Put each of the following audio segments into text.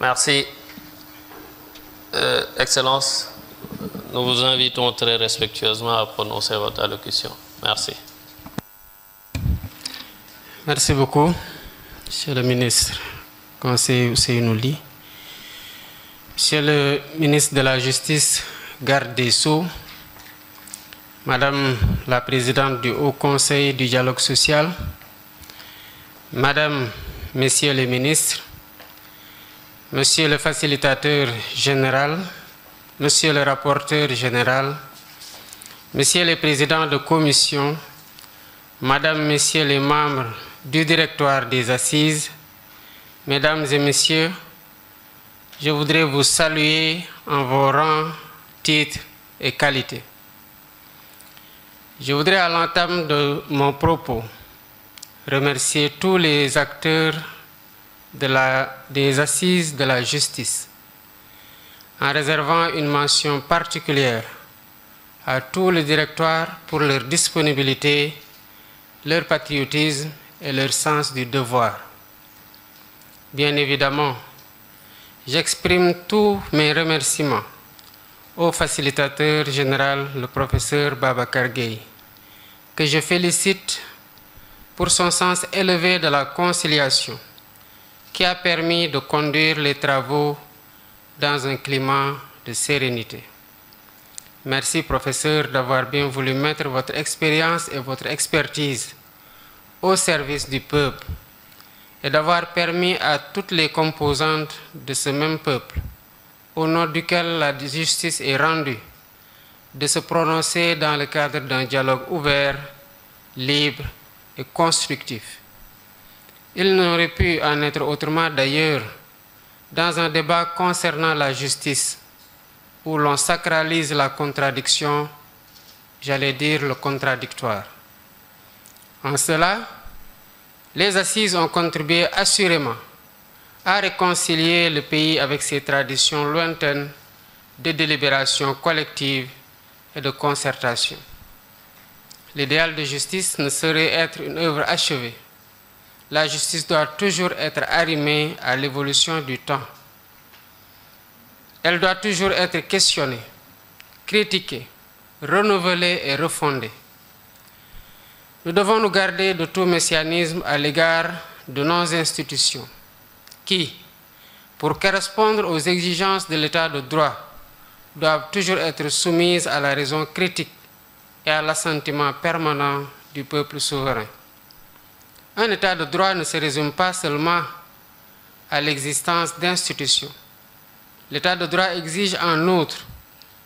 merci euh, excellence nous vous invitons très respectueusement à prononcer votre allocution merci merci beaucoup monsieur le ministre conseil Ousseynouli monsieur le ministre de la justice garde des sceaux Madame la Présidente du Haut Conseil du Dialogue Social, Madame, Messieurs les ministres, Monsieur le facilitateur général, Monsieur le rapporteur général, Monsieur le président de commission, Madame, Messieurs les membres du directoire des assises, Mesdames et Messieurs, je voudrais vous saluer en vos rangs, titres et qualités. Je voudrais à l'entame de mon propos remercier tous les acteurs de la, des assises de la justice en réservant une mention particulière à tous les directoire pour leur disponibilité, leur patriotisme et leur sens du devoir. Bien évidemment, j'exprime tous mes remerciements au facilitateur général, le professeur Baba Gueye, que je félicite pour son sens élevé de la conciliation qui a permis de conduire les travaux dans un climat de sérénité. Merci, professeur, d'avoir bien voulu mettre votre expérience et votre expertise au service du peuple et d'avoir permis à toutes les composantes de ce même peuple au nom duquel la justice est rendue, de se prononcer dans le cadre d'un dialogue ouvert, libre et constructif. Il n'aurait pu en être autrement d'ailleurs dans un débat concernant la justice où l'on sacralise la contradiction, j'allais dire le contradictoire. En cela, les assises ont contribué assurément à réconcilier le pays avec ses traditions lointaines de délibération collective et de concertation. L'idéal de justice ne saurait être une œuvre achevée. La justice doit toujours être arrimée à l'évolution du temps. Elle doit toujours être questionnée, critiquée, renouvelée et refondée. Nous devons nous garder de tout messianisme à l'égard de nos institutions qui, pour correspondre aux exigences de l'état de droit, doivent toujours être soumises à la raison critique et à l'assentiment permanent du peuple souverain. Un état de droit ne se résume pas seulement à l'existence d'institutions. L'état de droit exige en outre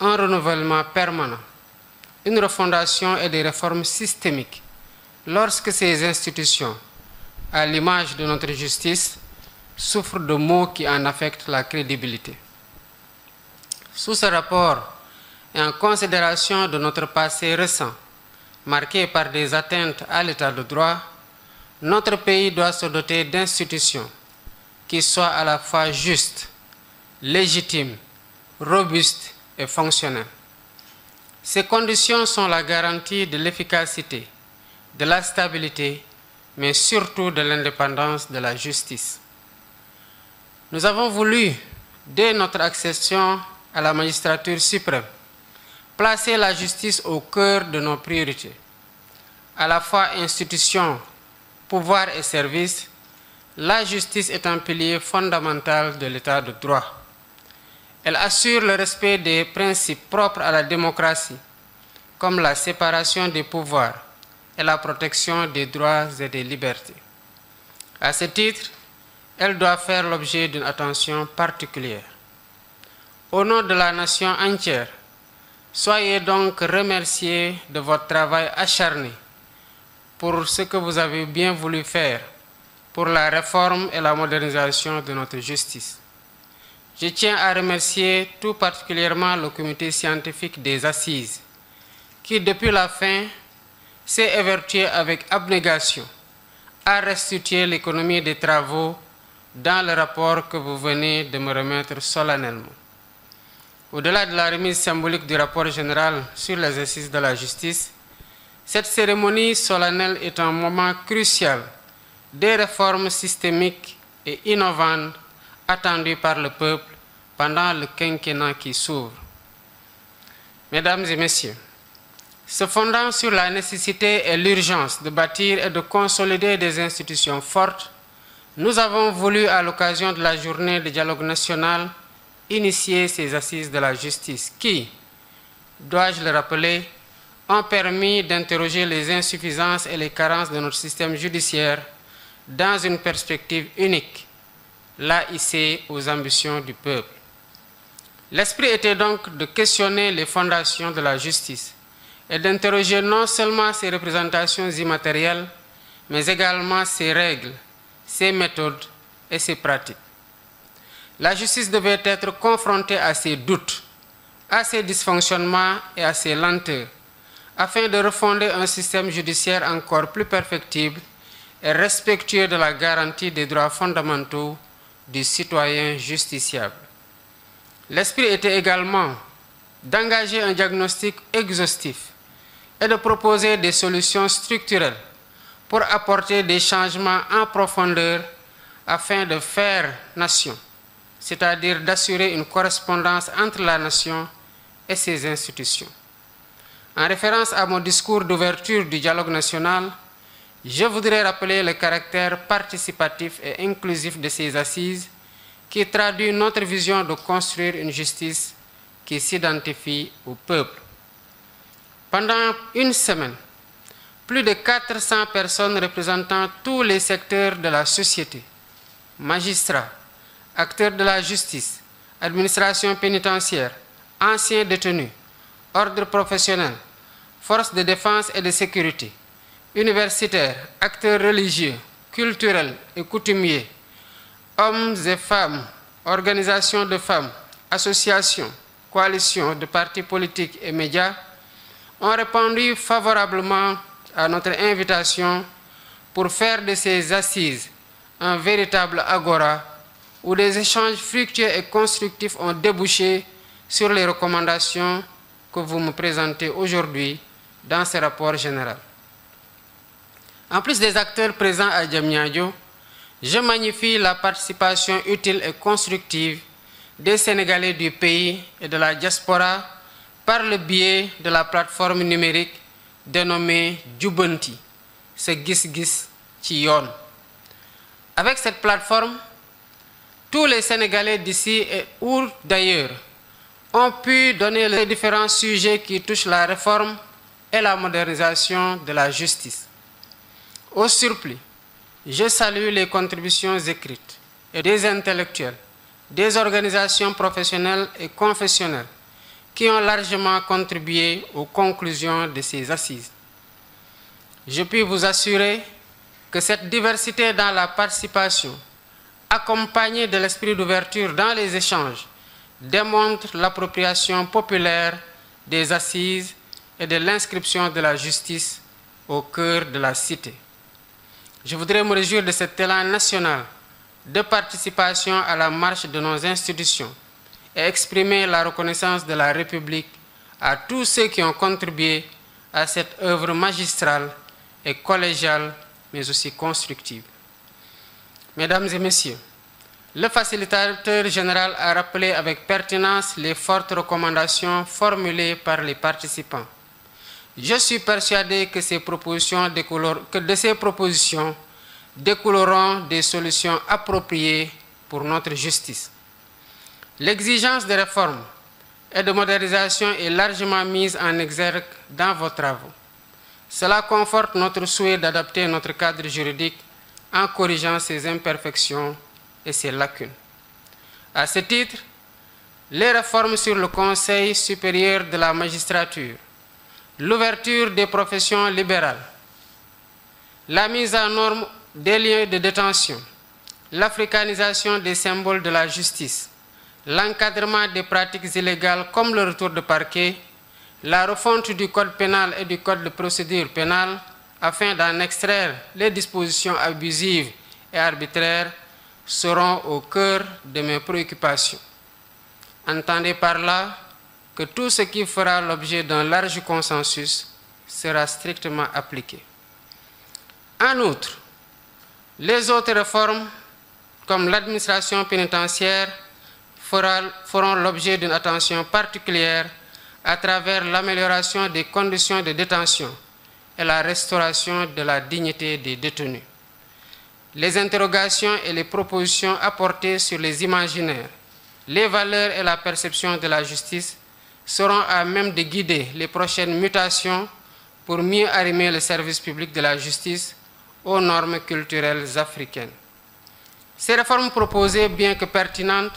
un renouvellement permanent, une refondation et des réformes systémiques lorsque ces institutions, à l'image de notre justice, souffrent de mots qui en affectent la crédibilité. Sous ce rapport et en considération de notre passé récent, marqué par des atteintes à l'état de droit, notre pays doit se doter d'institutions qui soient à la fois justes, légitimes, robustes et fonctionnelles. Ces conditions sont la garantie de l'efficacité, de la stabilité, mais surtout de l'indépendance de la justice. Nous avons voulu, dès notre accession à la magistrature suprême, placer la justice au cœur de nos priorités. À la fois institution, pouvoir et service, la justice est un pilier fondamental de l'état de droit. Elle assure le respect des principes propres à la démocratie, comme la séparation des pouvoirs et la protection des droits et des libertés. À ce titre, elle doit faire l'objet d'une attention particulière. Au nom de la nation entière, soyez donc remerciés de votre travail acharné pour ce que vous avez bien voulu faire pour la réforme et la modernisation de notre justice. Je tiens à remercier tout particulièrement le comité scientifique des assises, qui depuis la fin s'est évertué avec abnégation à restituer l'économie des travaux dans le rapport que vous venez de me remettre solennellement. Au-delà de la remise symbolique du rapport général sur l'exercice de la justice, cette cérémonie solennelle est un moment crucial des réformes systémiques et innovantes attendues par le peuple pendant le quinquennat qui s'ouvre. Mesdames et messieurs, se fondant sur la nécessité et l'urgence de bâtir et de consolider des institutions fortes, nous avons voulu, à l'occasion de la journée de dialogue national, initier ces assises de la justice qui, dois-je le rappeler, ont permis d'interroger les insuffisances et les carences de notre système judiciaire dans une perspective unique, laissée aux ambitions du peuple. L'esprit était donc de questionner les fondations de la justice et d'interroger non seulement ses représentations immatérielles, mais également ses règles, ses méthodes et ses pratiques. La justice devait être confrontée à ses doutes, à ses dysfonctionnements et à ses lenteurs, afin de refonder un système judiciaire encore plus perfectible et respectueux de la garantie des droits fondamentaux du citoyen justiciable. L'esprit était également d'engager un diagnostic exhaustif et de proposer des solutions structurelles pour apporter des changements en profondeur afin de faire nation, c'est-à-dire d'assurer une correspondance entre la nation et ses institutions. En référence à mon discours d'ouverture du dialogue national, je voudrais rappeler le caractère participatif et inclusif de ces assises qui traduit notre vision de construire une justice qui s'identifie au peuple. Pendant une semaine, plus de 400 personnes représentant tous les secteurs de la société, magistrats, acteurs de la justice, administration pénitentiaire, anciens détenus, ordre professionnel, forces de défense et de sécurité, universitaires, acteurs religieux, culturels et coutumiers, hommes et femmes, organisations de femmes, associations, coalitions de partis politiques et médias, ont répondu favorablement à notre invitation pour faire de ces assises un véritable agora où des échanges fructueux et constructifs ont débouché sur les recommandations que vous me présentez aujourd'hui dans ce rapport général. En plus des acteurs présents à Djamnyadjo, je magnifie la participation utile et constructive des Sénégalais du pays et de la diaspora par le biais de la plateforme numérique dénommé Djubanti, ce gis-gis Chion. Avec cette plateforme, tous les Sénégalais d'ici et ou d'ailleurs ont pu donner les différents sujets qui touchent la réforme et la modernisation de la justice. Au surplus, je salue les contributions écrites et des intellectuels, des organisations professionnelles et confessionnelles qui ont largement contribué aux conclusions de ces assises. Je puis vous assurer que cette diversité dans la participation, accompagnée de l'esprit d'ouverture dans les échanges, démontre l'appropriation populaire des assises et de l'inscription de la justice au cœur de la cité. Je voudrais me réjouir de cet élan national de participation à la marche de nos institutions et exprimer la reconnaissance de la République à tous ceux qui ont contribué à cette œuvre magistrale et collégiale, mais aussi constructive. Mesdames et Messieurs, le facilitateur général a rappelé avec pertinence les fortes recommandations formulées par les participants. Je suis persuadé que, ces propositions que de ces propositions découleront des solutions appropriées pour notre justice. L'exigence de réformes et de modernisation est largement mise en exergue dans vos travaux. Cela conforte notre souhait d'adapter notre cadre juridique en corrigeant ses imperfections et ses lacunes. À ce titre, les réformes sur le Conseil supérieur de la magistrature, l'ouverture des professions libérales, la mise en norme des lieux de détention, l'africanisation des symboles de la justice, l'encadrement des pratiques illégales comme le retour de parquet, la refonte du code pénal et du code de procédure pénale afin d'en extraire les dispositions abusives et arbitraires seront au cœur de mes préoccupations. Entendez par là que tout ce qui fera l'objet d'un large consensus sera strictement appliqué. En outre, les autres réformes, comme l'administration pénitentiaire, feront l'objet d'une attention particulière à travers l'amélioration des conditions de détention et la restauration de la dignité des détenus. Les interrogations et les propositions apportées sur les imaginaires, les valeurs et la perception de la justice seront à même de guider les prochaines mutations pour mieux arrimer le service public de la justice aux normes culturelles africaines. Ces réformes proposées, bien que pertinentes,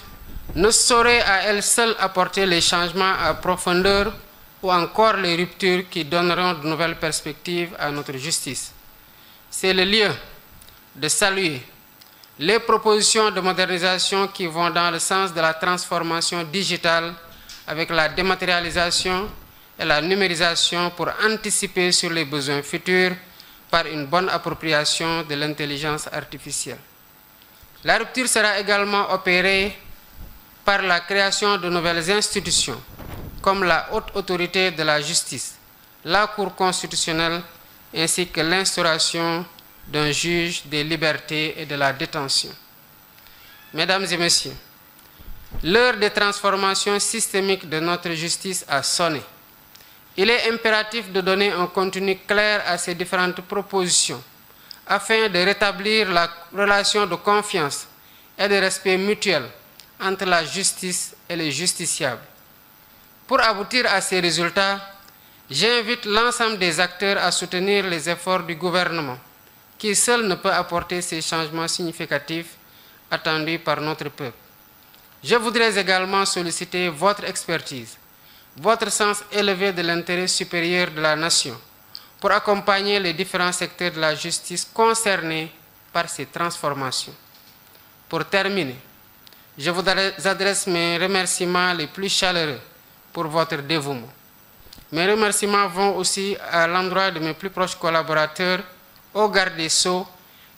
ne saurait à elle seule apporter les changements à profondeur ou encore les ruptures qui donneront de nouvelles perspectives à notre justice. C'est le lieu de saluer les propositions de modernisation qui vont dans le sens de la transformation digitale avec la dématérialisation et la numérisation pour anticiper sur les besoins futurs par une bonne appropriation de l'intelligence artificielle. La rupture sera également opérée par la création de nouvelles institutions comme la haute autorité de la justice, la Cour constitutionnelle ainsi que l'instauration d'un juge des libertés et de la détention. Mesdames et messieurs, l'heure des transformations systémiques de notre justice a sonné. Il est impératif de donner un contenu clair à ces différentes propositions afin de rétablir la relation de confiance et de respect mutuel entre la justice et les justiciables. Pour aboutir à ces résultats, j'invite l'ensemble des acteurs à soutenir les efforts du gouvernement, qui seul ne peut apporter ces changements significatifs attendus par notre peuple. Je voudrais également solliciter votre expertise, votre sens élevé de l'intérêt supérieur de la nation, pour accompagner les différents secteurs de la justice concernés par ces transformations. Pour terminer, je vous adresse mes remerciements les plus chaleureux pour votre dévouement. Mes remerciements vont aussi à l'endroit de mes plus proches collaborateurs, au garde des Sceaux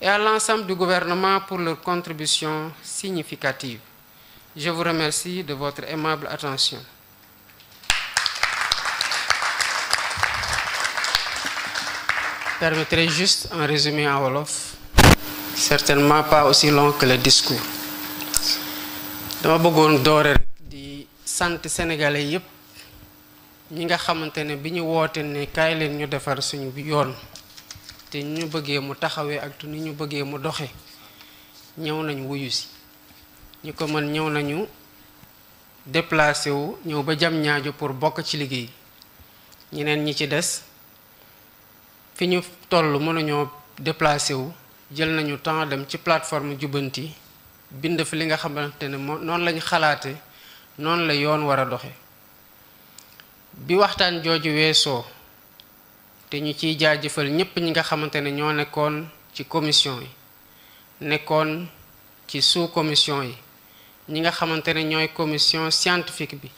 et à l'ensemble du gouvernement pour leur contribution significative. Je vous remercie de votre aimable attention. Permettrez juste un résumé à Wolof, certainement pas aussi long que le discours. dama bëggoon doore rek di sant sénégalais yépp ñi nga xamante ne bi ñu woote ne kaay leen ñu defar suñu yoon te ñu bëggee mu taxawee ak ni ñu bëggee mu doxe ñëw nañu wuyu si ñi ko mën ñëw nañu déplacé wu ñëw ba jam ñaaju pour bokk ci liggéey ñeneen ñi ci des fi ñu toll mënuñoo déplacé wu jël nañu temps dem ci plateforme jubbanti bind fi li nga xamante ne moom noonu lañu xalaate noonu la yoon war a doxe bi waxtaan jooju weesoo te ñu ciy jaajëfal ñépp ñi nga xamante ne ñoo nekkoon ci commission yi nekkoon ci sous commission yi ñi nga xamante ne ñooy commission scientifique bi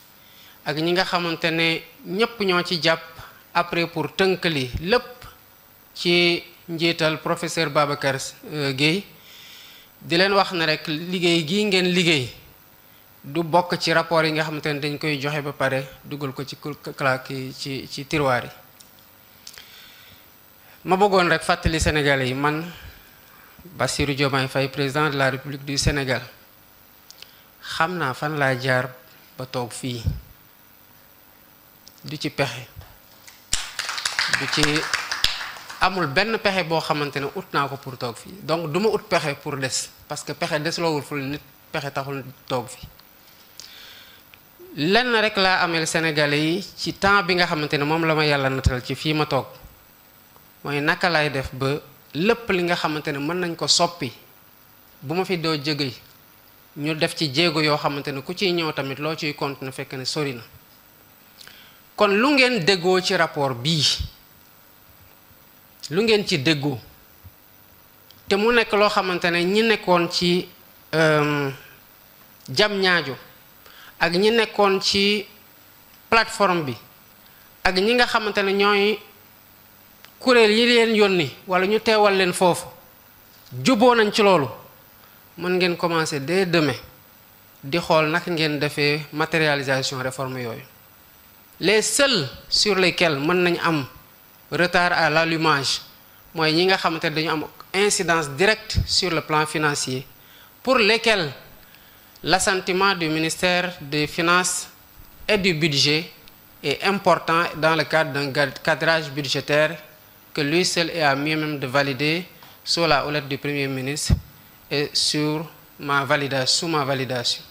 ak ñi nga xamante ne ñépp ñoo ci jàpp après pour tënk li lépp ci njiital professeur Babacar euh, Guèye di leen wax na rek liggéey gii ngeen liggéey du bokk ci rapport yi nga xamante ne dañ koy joxe ba pare dugal ko ci claque ci ci tiroir yi ma bëggoon rek fàttali Sénégalais yi man Bassirou Diomaye fay président de la République du Sénégal xam naa fan laa jaar ba toog fii du ci pexe du ci amul benn pexe boo xamante ne ut naa ko pour toog fii donc duma ma ut pexe pour des parce que pexe des loowul ful nit pexe taxul toog fii lenn rek laa amee sénégalais yi ci temps bi nga xamante ne moom la ma yàlla natal ci fii ma toog mooy naka laay def ba lépp li nga xamante ne mën nañ ko soppi bu ma fi doo jege ñu def ci jéego yoo xamante ne ku ciy ñëw tamit loo ciy continuer fekk ne sori na kon lu ngeen déggoo ci rapport bii lu ngeen ci déggu te mu nekk loo xamante ne ñi nekkoon ci euh, jam ñaajo ak ñi nekkoon ci plateforme bi ak ñi nga xamante ne ñooy kuréel yi leen yónni wala ñu teewal leen foofu juboo nañ ci loolu mën ngeen commencer dès demain di xool naka ngeen defee matérialisation réforme yooyu les seuls sur lesquels mën nañ am retard à l'allumage mooy ñi nga une incidence directe sur le plan financier pour lesquels l'assentiment du ministère des finances et du budget est important dans le cadre d'un cadrage budgétaire que lui seul est à mieux même de valider sous la houlette du Premier ministre et sur ma validation sous ma validation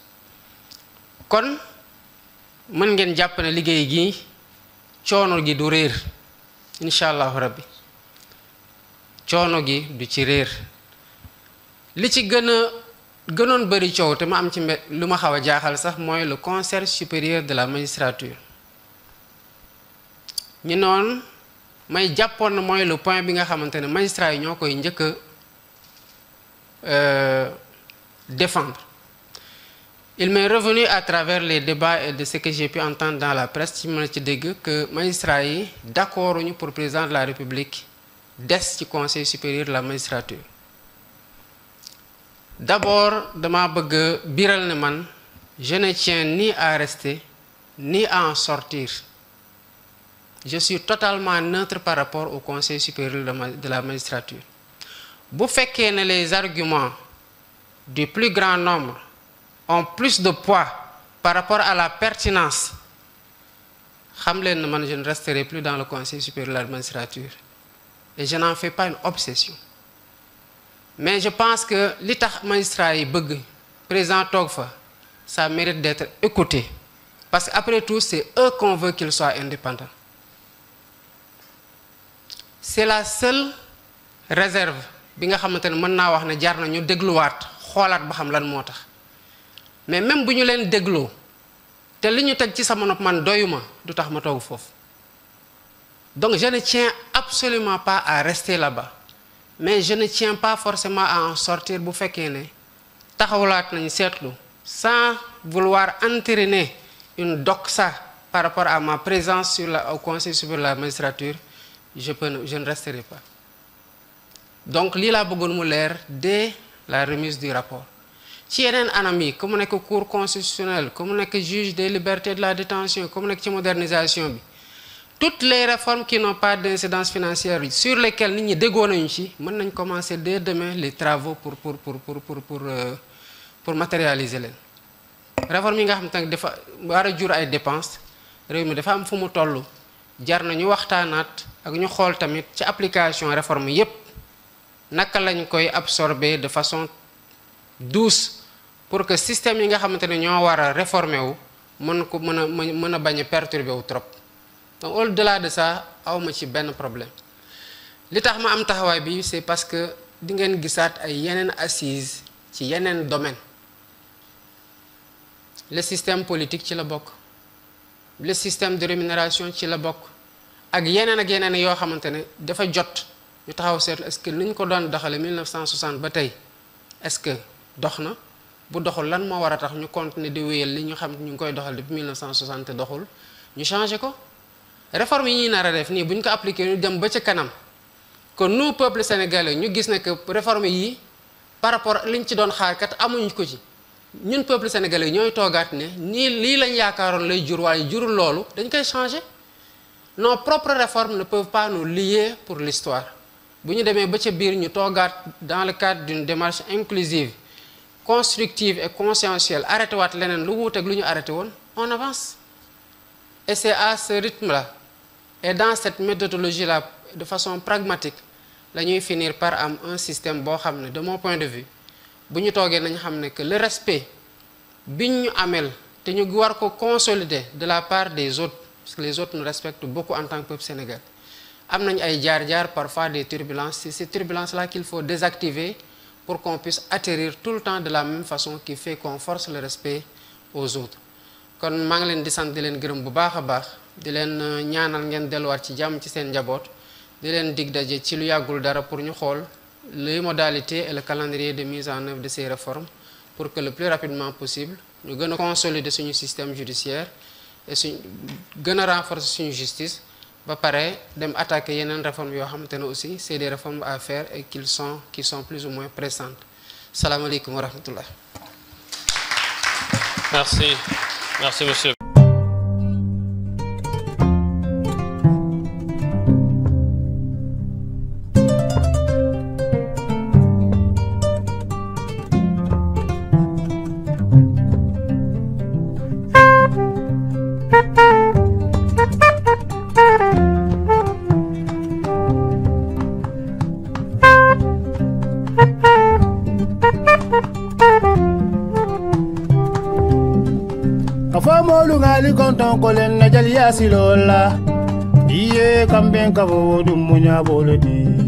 kon mën ngeen incha allahu rabbi coono gi du ci réer li ci gën a gënoon bëri coow te ma am ci mbé lu ma xaw a jaaxal sax mooy le conseil supérieur de la magistrature ñu noon may jàppoon na mooy le point bi nga xamante ne magistrat yi ñoo koy njëkk a euh, défendre il m'est revenu à travers les débats et de ce que j'ai pu entendre dans la presse que le que magistrat est d'accord pour pour président de la république dès le conseil supérieur de la magistrature d'abord je ne tiens ni à rester ni à en sortir je suis totalement neutre par rapport au conseil supérieur de la magistrature Si y ait les arguments du plus grand nombre ont plus de poids par rapport à la pertinence je ne resterai plus dans le conseil supérieur de la et je n'en fais pas une obsession mais je pense que l'État et magistrat le président Togfa, ça mérite d'être écouté parce qu'après tout c'est eux qu'on veut qu'ils soient indépendants c'est la seule réserve mais même si nous a des déglos, li ci sama donc je ne tiens absolument pas à rester là-bas mais je ne tiens pas forcément à en sortir pour faire ne dans un sans vouloir entraîner une doxa par rapport à ma présence sur au conseil sur la magistrature je ne resterai pas donc lila la bëggoon dès la remise du rapport si on comme yi ku comme cours cour constitutionnelle comme juge des libertés de la détention comme on est ci modernisation toutes les réformes qui n'ont pas d'incidence financière sur lesquelles nous ñi déggoo on ci commencer dès demain les travaux pour pour pour pour pour pour euh, pour matérialiser Les réformes, nga xam ne dafa war les ay dépenses les mi dafa am fu mu jar na waxtanat ak ñu xol réforme yépp naka lañ koy absorber de façon douce pour que système yi nga xamante ne ñoo war a réformer wu mën ko mën a mën a bañ a perturber wu trop donc au delà de ça awma ci benn problème li tax ma am taxawaay bi c'est parce que di ngeen gisaat ay yeneen assises ci yeneen domaine le système politique ci la bokk le système de rémunération ci la bokk ak yeneen ak yeneen yoo xamante ne dafa jot ñu taxaw seetlu est-ce que ñu ko doon doxale 1960 ba tey est-ce que dox na bu doxul lan mo wara tax ñu continuer di wéyal li ñu xam ñu koy doxal depuis 1960 doxul ñu changer ko réforme yi ñi nar a def ni buñ ko appliquer ñu dem ba ca kanam ko nous peuple sénégalais ñu gis ne que réforme yi par rapport liñ ci doon xaar kat amuñ ko ci ñun peuple sénégalais ñoy togaat ne ni li lañ yaakaaroon lay jur waaye jurul loolu dañ koy changer nos propres réformes ne peuvent pas nous lier pour l'histoire bu ñu demee ba ca biir ñu toogaat dans le cadre d'une démarche inclusive constructive et conscientielle Arrêtez les on avance et c'est à ce rythme-là et dans cette méthodologie-là de façon pragmatique la nuit finir par un système bon. de mon point de vue nous que le respect si amel ñu war consolider de la part des autres parce que les autres nous respectent beaucoup en tant que peuple sénégalais Nous avons parfois des turbulences c'est ces turbulences-là qu'il faut désactiver pour qu'on puisse atterrir tout le temps de la même façon qui fait qu'on force le respect aux autres kon on leen di sant di leen gërëm bu baax a baax di leen euh, ñaanal ngeen delluwaat ci jàmm ci seen njaboot di leen ci lu pour ñu les modalités et le calendrier de mise en œuvre de ces réformes pour que le plus rapidement possible nous gën consolider suñu système judiciaire et suñ gën renforcer suñu justice bah pareil, dem attaquer réforme réformes yoo aussi c'est des réformes à faire et qu'ils sont qui sont plus ou moins pressantes alaikum wa rahmatullah merci merci monsieur silola iye kamben kabo dum munya bolodi